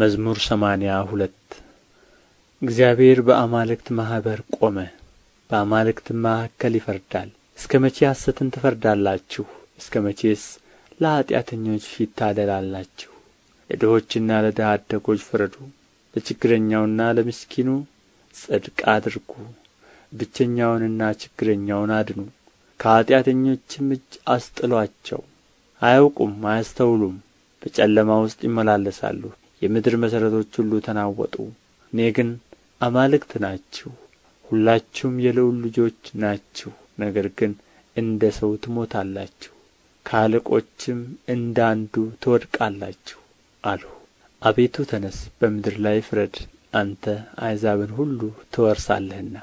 መዝሙር ሰማንያ ሁለት እግዚአብሔር በአማልክት ማኅበር ቆመ በአማልክትም መካከል ይፈርዳል እስከ መቼ ሐሰትን ትፈርዳላችሁ እስከ መቼስ ለኀጢአተኞች ፊት ታደላላችሁ ለድሆችና ለድሀ አደጎች ፍረዱ ለችግረኛውና ለምስኪኑ ጽድቅ አድርጉ ብቸኛውንና ችግረኛውን አድኑ ከኀጢአተኞችም እጅ አስጥሏቸው አያውቁም አያስተውሉም በጨለማ ውስጥ ይመላለሳሉ የምድር መሠረቶች ሁሉ ተናወጡ እኔ ግን አማልክት ናችሁ ሁላችሁም የልዑል ልጆች ናችሁ ነገር ግን እንደ ሰው ትሞታላችሁ ከአለቆችም እንደ አንዱ ትወድቃላችሁ አልሁ አቤቱ ተነሥ በምድር ላይ ፍረድ አንተ አሕዛብን ሁሉ ትወርሳለህና